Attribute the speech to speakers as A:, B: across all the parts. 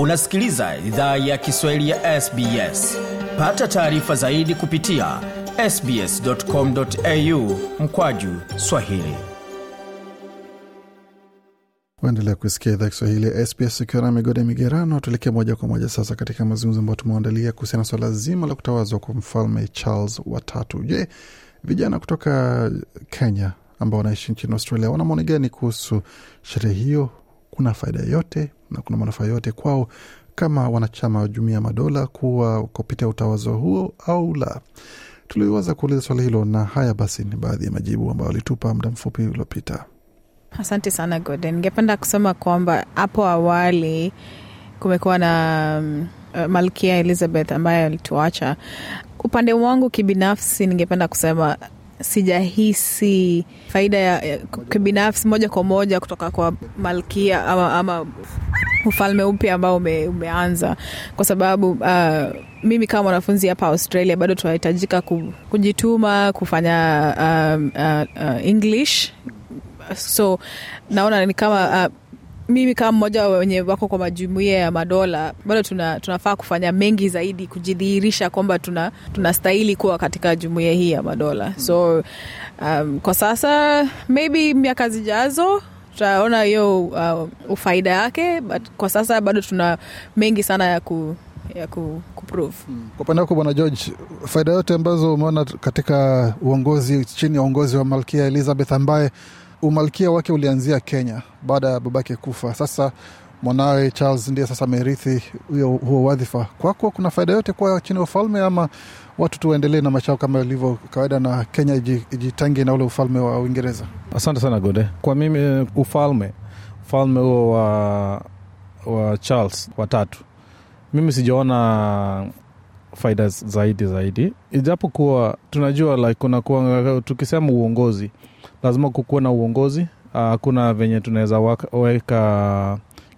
A: unasikiliza idhaa ya kiswahili ya sbs pata taarifa zaidi kupitia sbscomau mkwaju swahili
B: waendelea kuisikia idhaa kiswahili ya sbs ukiwa na migode migerano tuelekee moja kwa moja sasa katika mazungumzo ambayo tumeandalia kuhusiana swala so zima la kutawazwa kwa mfalme charles watatu je vijana kutoka kenya ambao wanaishi nchini australia wana maoni gani kuhusu sherehe hiyo kuna faida yyote na kuna manufaa yote kwao kama wanachama wa jumuia ya Madola kuwa kupitia utawazo huo au la. tuliweza kuuliza swala hilo, na haya basi ni baadhi ya majibu ambayo walitupa muda mfupi uliopita.
C: Asante sana Gode. Ningependa kusema kwamba hapo awali kumekuwa na uh, Malkia Elizabeth ambaye alituacha. Upande wangu kibinafsi, ningependa kusema sijahisi faida ya eh, kibinafsi moja kwa moja kutoka kwa malkia ama, ama ufalme upya ambao ume, umeanza kwa sababu uh, mimi kama mwanafunzi hapa australia bado tunahitajika kujituma kufanya um, uh, uh, english so naona ni kama uh, mimi kama mmoja wenye wako kwa majumuia ya madola bado tuna, tunafaa kufanya mengi zaidi kujidhihirisha kwamba tuna, tunastahili kuwa katika jumuia hii ya madola so um, kwa sasa maybe miaka zijazo tutaona hiyo uh, ufaida yake, but kwa sasa bado tuna mengi sana ya ku ya hmm. Kwa
B: upande wako Bwana George, faida yote ambazo umeona katika uongozi chini ya uongozi wa Malkia Elizabeth ambaye umalkia wake ulianzia Kenya baada ya babake kufa. Sasa mwanawe Charles ndiye sasa amerithi huo wadhifa. Kwako kuna faida yote kuwa chini ya ufalme, ama watu waendelee na maisha yao kama ilivyo kawaida, na Kenya ijitange na ule ufalme wa Uingereza? Asante sana Gode. Kwa mimi eh, ufalme ufalme huo
A: wa, wa Charles watatu, mimi sijaona faida zaidi zaidi, ijapokuwa tunajua like, kuna kuwa, tukisema uongozi lazima kukuwa na uongozi. Uh, ah, kuna venye tunaweza weka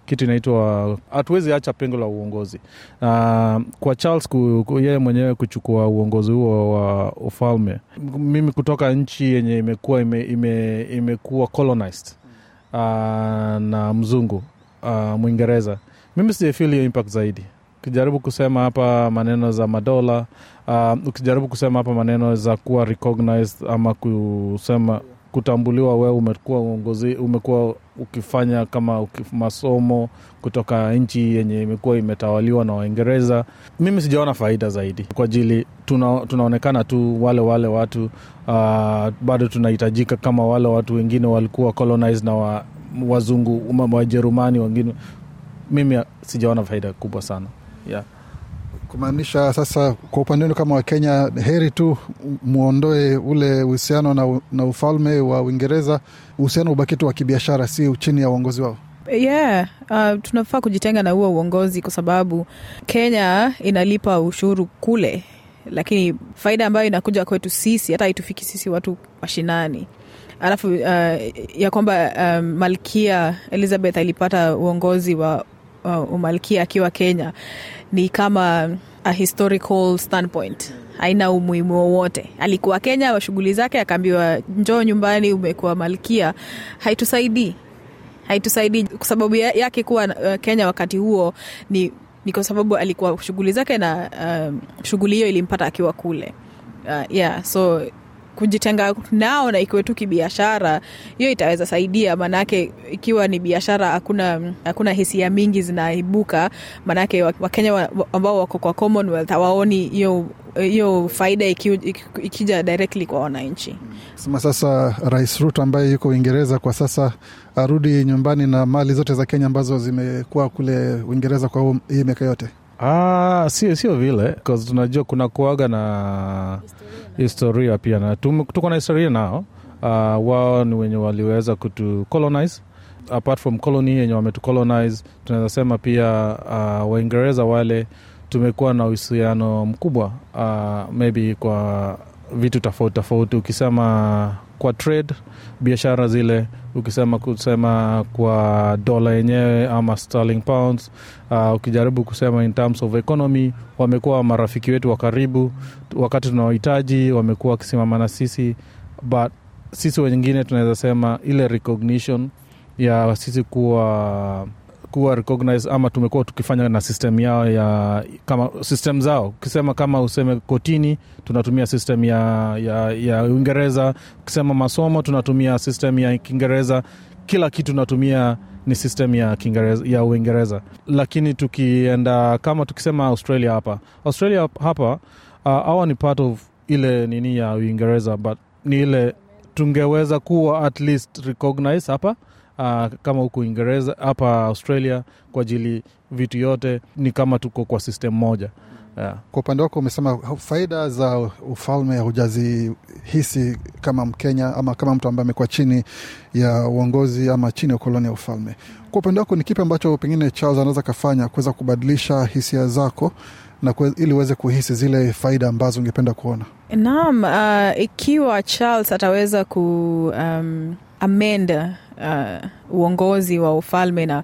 A: kitu inaitwa, hatuwezi acha pengo la uongozi na ah, kwa Charles yeye mwenyewe kuchukua uongozi huo wa ufalme, mimi kutoka nchi yenye imekuwa ime, ime, imekuwa colonized uh, na mzungu uh, Mwingereza, mimi sijafeel hiyo impact zaidi ukijaribu kusema hapa maneno za madola uh, ukijaribu kusema hapa maneno za kuwa recognized ama kusema kutambuliwa wewe umekuwa uongozi umekuwa ukifanya kama masomo kutoka nchi yenye imekuwa imetawaliwa na waingereza mimi sijaona faida zaidi kwa ajili tuna, tunaonekana tu wale wale watu uh, bado tunahitajika kama wale watu wengine walikuwa colonized na wa, wazungu wajerumani
B: wengine mimi sijaona faida kubwa sana yeah kumaanisha sasa kwa upande wenu kama Wakenya, heri tu mwondoe ule uhusiano na, na ufalme wa Uingereza, uhusiano ubaki tu wa kibiashara, si chini ya uongozi wao?
C: Yeah, uh, tunafaa kujitenga na huo uongozi kwa sababu Kenya inalipa ushuru kule, lakini faida ambayo inakuja kwetu sisi hata haitufiki sisi watu mashinani alafu uh, ya kwamba um, malkia Elizabeth alipata uongozi wa uh, umalkia akiwa Kenya ni kama a historical standpoint haina umuhimu wowote. Alikuwa Kenya wa shughuli zake, akaambiwa njoo nyumbani, umekuwa malkia. Haitusaidii, haitusaidii kwa sababu yake kuwa uh, Kenya wakati huo ni, ni kwa sababu alikuwa shughuli zake na um, shughuli hiyo ilimpata akiwa kule uh, yeah so kujitenga nao na ikiwe tu kibiashara, hiyo itaweza saidia. Maanake ikiwa ni biashara, hakuna hakuna hisia mingi zinaibuka, maanake Wakenya ambao wako kwa Commonwealth hawaoni hiyo hiyo faida ikija directly kwa wananchi.
B: Sema sasa Rais Ruto ambaye yuko Uingereza kwa sasa arudi nyumbani na mali zote za Kenya ambazo zimekuwa kule Uingereza kwa hii miaka yote
A: Ah, sio sio vile tunajua kuna kuaga na historia, historia pia na tuko na historia nao. Uh, wao ni wenye waliweza kutu colonize apart from colony yenye wametu colonize, tunaweza sema pia uh, Waingereza wale tumekuwa na uhusiano mkubwa uh, maybe kwa vitu tofauti tofauti, ukisema kwa trade biashara zile ukisema kusema kwa dola yenyewe ama sterling pounds uh, ukijaribu kusema in terms of economy wamekuwa marafiki wetu wa karibu wakati tunaohitaji wamekuwa wakisimama na sisi but sisi wengine tunaweza sema ile recognition ya sisi kuwa uh, kuwa recognize ama tumekuwa tukifanya na system yao ya kama system zao ukisema kama useme kotini tunatumia system ya, ya, ya uingereza ukisema masomo tunatumia system ya kiingereza kila kitu natumia ni system ya kiingereza ya uingereza lakini tukienda kama tukisema australia hapa australia hapa uh, awa ni part of ile nini ya uingereza but ni ile tungeweza kuwa at least recognize hapa uh, kama huku uingereza hapa australia kwa ajili vitu yote ni kama tuko kwa system moja yeah.
B: kwa upande wako umesema faida za ufalme hujazihisi kama mkenya ama kama mtu ambaye amekuwa chini ya uongozi ama chini ya ukoloni ya ufalme kwa upande wako ni kipi ambacho pengine charles anaweza kafanya kuweza kubadilisha hisia zako na kwe, ili uweze kuhisi zile faida ambazo ungependa kuona
C: naam uh, ikiwa charles ataweza ku um, amend uh, uongozi wa ufalme na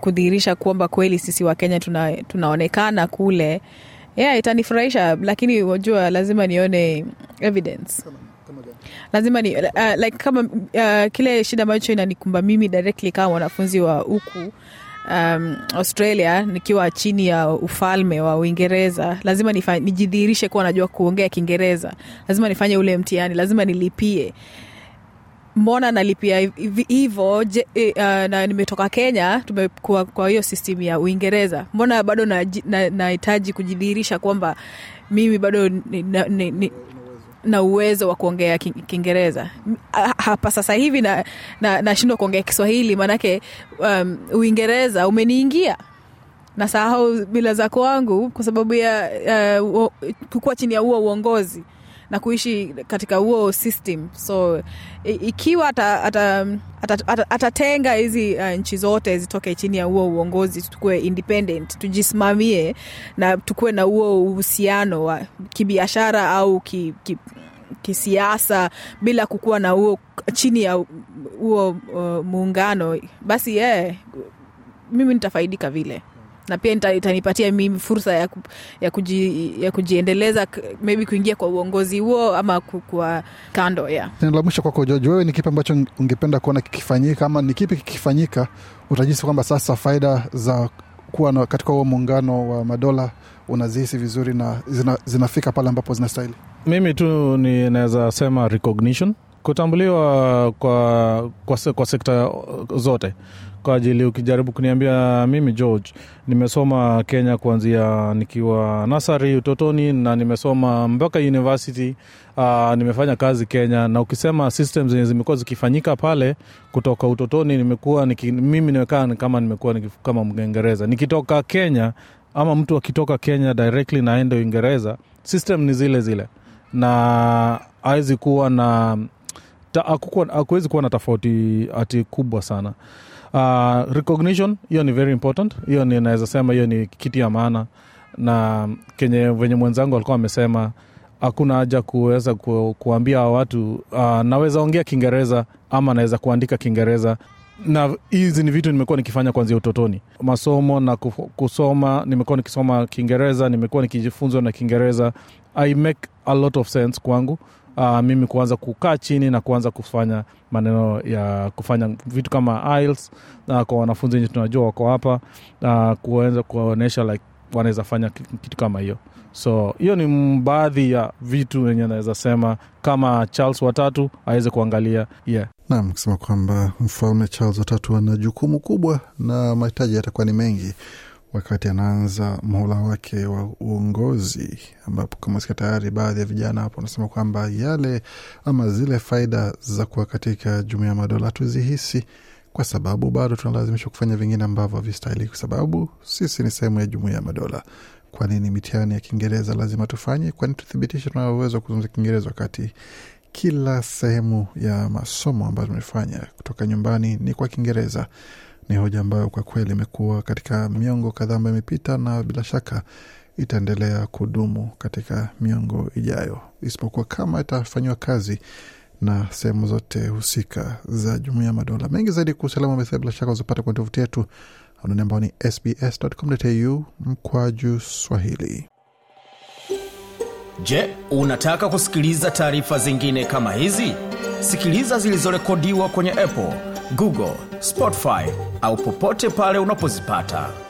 C: kudhihirisha kwamba kweli sisi Wakenya tuna, tunaonekana kule yeah, itanifurahisha, lakini wajua, lazima nione evidence lazima ni, uh, like kama uh, kile shida ambacho inanikumba mimi directly kama mwanafunzi wa huku um, Australia nikiwa chini ya ufalme wa Uingereza, lazima nijidhihirishe kuwa najua kuongea Kiingereza, lazima nifanye ule mtihani, lazima nilipie mbona nalipia hivo uh, na nimetoka kenya tumekua kwa hiyo system ya uingereza mbona bado nahitaji na, na, kujidhihirisha kwamba mimi bado ni, na, ni, ni, na uwezo wa kuongea kiingereza hapa sasa hivi nashindwa na, na, kuongea kiswahili maanake um, uingereza umeniingia na sahau mila za kwangu kwa sababu ya uh, eh, kukuwa chini ya huo uongozi na kuishi katika huo system so ikiwa atatenga ata, ata, ata hizi uh, nchi zote zitoke chini ya huo uongozi tukue independent tujisimamie na tukuwe na huo uhusiano wa kibiashara au ki, ki, kisiasa bila kukuwa na huo chini ya huo uh, muungano basi yeah, mimi nitafaidika vile na pia itanipatia mimi fursa ya, ku, ya, kuji, ya kujiendeleza maybe kuingia kwa uongozi huo ama kwa kando yeah.
B: La mwisho kwako Joji, wewe ni kipi ambacho ungependa kuona kikifanyika ama ni kipi kikifanyika utajisi kwamba sasa faida za kuwa na, katika huo muungano wa madola unazihisi vizuri na zina, zinafika pale ambapo zinastahili?
A: Mimi tu ninaweza sema recognition kutambuliwa kwa, kwa, se, kwa sekta zote kwa ajili ukijaribu kuniambia mimi george nimesoma kenya kuanzia nikiwa nasari utotoni na nimesoma mpaka university uh, nimefanya kazi kenya na ukisema system zenye zimekuwa zikifanyika pale kutoka utotoni nimekuwa niki, mimi nimekaa kama nimekuwa niki, kama mngereza nikitoka kenya ama mtu akitoka kenya directly naende uingereza system ni zile zile na awezi kuwa na hakuwezi kuwa na tofauti ati kubwa sana uh, recognition hiyo ni very important hiyo naweza sema hiyo ni kiti ya maana na kenye venye mwenzangu alikuwa amesema hakuna haja kuweza ku, kuambia watu uh, naweza ongea kiingereza ama naweza kuandika kiingereza na hizi ni vitu nimekuwa nikifanya kwanzia utotoni masomo na kusoma nimekuwa nikisoma kiingereza nimekuwa nikijifunzwa na kiingereza i make a lot of sense kwangu uh, mimi kuanza kukaa chini na kuanza kufanya maneno ya kufanya vitu kama IELTS, uh, ah, kwa wanafunzi wenye tunajua wako hapa uh, ah, kuweza kuwaonyesha like wanaweza fanya kitu kama hiyo so hiyo ni baadhi ya vitu wenye anawezasema sema kama charles watatu aweze kuangalia
B: yeah. nam kusema kwamba mfalme charles watatu ana jukumu kubwa na mahitaji yatakuwa ni mengi wakati anaanza muhula wake wa uongozi, ambapo kama sika tayari, baadhi ya vijana hapo wanasema kwamba yale ama zile faida za kuwa katika jumuiya ya madola hatuzihisi kwa sababu bado tunalazimishwa kufanya vingine ambavyo havistahili, kwa sababu sisi ni sehemu ya jumuiya ya madola. Kwa nini mitihani ya Kiingereza lazima tufanye? Kwani tuthibitishe tuna uwezo wa kuzungumza Kiingereza wakati kila sehemu ya masomo ambayo tumefanya kutoka nyumbani ni kwa Kiingereza. Ni hoja ambayo kwa kweli imekuwa katika miongo kadhaa ambayo imepita na bila shaka itaendelea kudumu katika miongo ijayo, isipokuwa kama itafanyiwa kazi na sehemu zote husika za Jumuiya ya Madola. Mengi zaidi kuusalama mesa bila shaka uzapata kwenye tovuti yetu anani ambao ni sbscu mkwaju swahili.
A: Je, unataka kusikiliza taarifa zingine kama hizi? Sikiliza zilizorekodiwa kwenye Apple, Google Spotify au popote pale unapozipata.